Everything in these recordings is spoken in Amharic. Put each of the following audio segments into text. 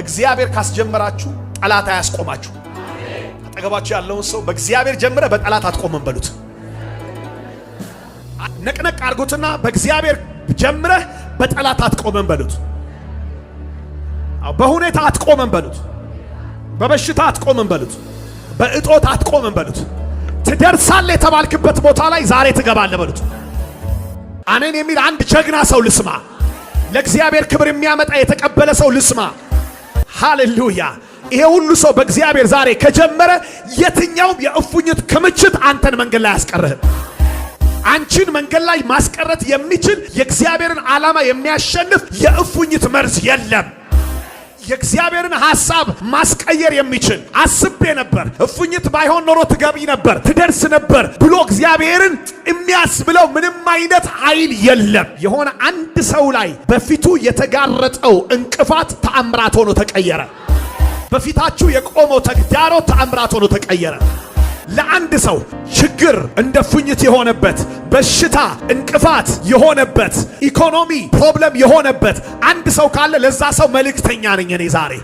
እግዚአብሔር ካስጀመራችሁ ጠላት አያስቆማችሁ። አጠገባችሁ ያለውን ሰው በእግዚአብሔር ጀምረ በጠላት አትቆምም በሉት። ነቅነቅ አድርጉትና በእግዚአብሔር ጀምረ በጠላት አትቆምም በሉት። በሁኔታ አትቆምም በሉት። በበሽታ አትቆምም በሉት። በእጦት አትቆምም በሉት። ትደርሳለህ የተባልክበት ቦታ ላይ ዛሬ ትገባለህ በሉት። አሜን የሚል አንድ ጀግና ሰው ልስማ። ለእግዚአብሔር ክብር የሚያመጣ የተቀበለ ሰው ልስማ። ሃሌሉያ! ይሄ ሁሉ ሰው በእግዚአብሔር ዛሬ ከጀመረ የትኛውም የእፉኝት ክምችት አንተን መንገድ ላይ አያስቀርህም። አንቺን መንገድ ላይ ማስቀረት የሚችል የእግዚአብሔርን ዓላማ የሚያሸንፍ የእፉኝት መርዝ የለም። የእግዚአብሔርን ሐሳብ ማስቀየር የሚችል አስቤ ነበር፣ እፉኝት ባይሆን ኖሮ ትገቢ ነበር፣ ትደርስ ነበር ብሎ እግዚአብሔርን የሚያስብለው ምንም አይነት ኃይል የለም። የሆነ አንድ ሰው ላይ በፊቱ የተጋረጠው እንቅፋት ተአምራት ሆኖ ተቀየረ። በፊታችሁ የቆመው ተግዳሮት ተአምራት ሆኖ ተቀየረ። ለአንድ ሰው ችግር እንደ ፉኝት የሆነበት በሽታ እንቅፋት የሆነበት ኢኮኖሚ ፕሮብለም የሆነበት አንድ ሰው ካለ ለዛ ሰው መልእክተኛ ነኝ እኔ ዛሬ።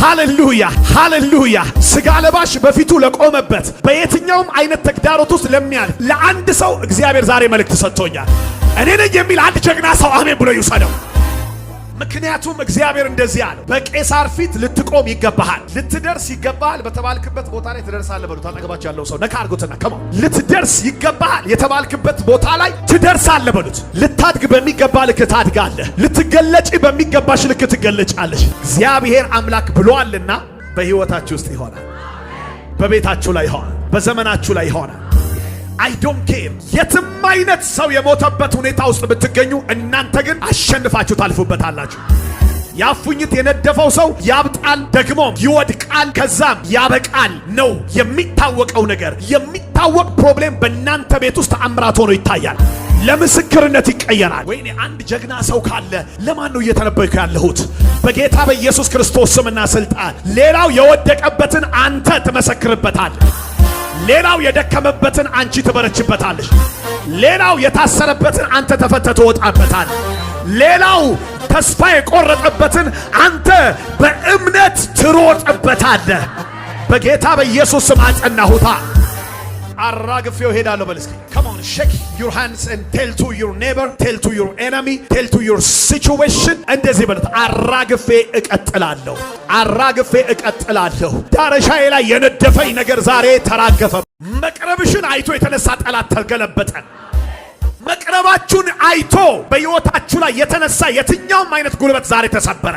ሃሌሉያ ሃሌሉያ። ስጋ ለባሽ በፊቱ ለቆመበት በየትኛውም አይነት ተግዳሮት ውስጥ ለሚያል ለአንድ ሰው እግዚአብሔር ዛሬ መልእክት ሰጥቶኛል። እኔ ነኝ የሚል አንድ ጀግና ሰው አሜን ብሎ ይውሰደው። ምክንያቱም እግዚአብሔር እንደዚህ አለው፣ በቄሳር ፊት ልትቆም ይገባሃል፣ ልትደርስ ይገባሃል። በተባልክበት ቦታ ላይ ትደርሳለህ። በሉት አጠገባቸው ያለው ሰው ነካ አድርጎትና ከማ ልትደርስ ይገባሃል፣ የተባልክበት ቦታ ላይ ትደርሳለህ። በሉት ልታድግ በሚገባ ልክ ታድጋለህ፣ ልትገለጪ በሚገባሽ ልክ ትገለጫለሽ። እግዚአብሔር አምላክ ብሏልና በሕይወታችሁ ውስጥ ይሆናል፣ በቤታችሁ ላይ ይሆናል፣ በዘመናችሁ ላይ ይሆናል። አይ ዶንት ኬር። የትም አይነት ሰው የሞተበት ሁኔታ ውስጥ ብትገኙ እናንተ ግን አሸንፋችሁ ታልፉበታላችሁ። ያፉኝት የነደፈው ሰው ያብጣል፣ ደግሞም ይወድቃል፣ ከዛም ያበቃል ነው የሚታወቀው ነገር። የሚታወቅ ፕሮብሌም በእናንተ ቤት ውስጥ ተአምራት ሆኖ ይታያል፣ ለምስክርነት ይቀየራል። ወይኔ አንድ ጀግና ሰው ካለ ለማን ነው እየተነበይኩ ያለሁት? በጌታ በኢየሱስ ክርስቶስ ስምና ስልጣን ሌላው የወደቀበትን አንተ ትመሰክርበታል። ሌላው የደከመበትን አንቺ ትበረችበታለሽ። ሌላው የታሰረበትን አንተ ተፈተህ ትወጣበታል። ሌላው ተስፋ የቆረጠበትን አንተ በእምነት ትሮጥበታለህ። በጌታ በኢየሱስ ስም አጸናሁታ። አራግፌው ሄዳለሁ። በል እስኪ come on shake your hands and tell to your neighbor tell to your enemy tell to your situation እንደዚህ በለት አራግፌ እቀጥላለሁ፣ አራግፌ እቀጥላለሁ። ዳረሻዬ ላይ የነደፈኝ ነገር ዛሬ ተራገፈ። መቅረብሽን አይቶ የተነሳ ጠላት ተገለበጠ። መቅረባችሁን አይቶ በሕይወታችሁ ላይ የተነሳ የትኛውም አይነት ጉልበት ዛሬ ተሰበረ።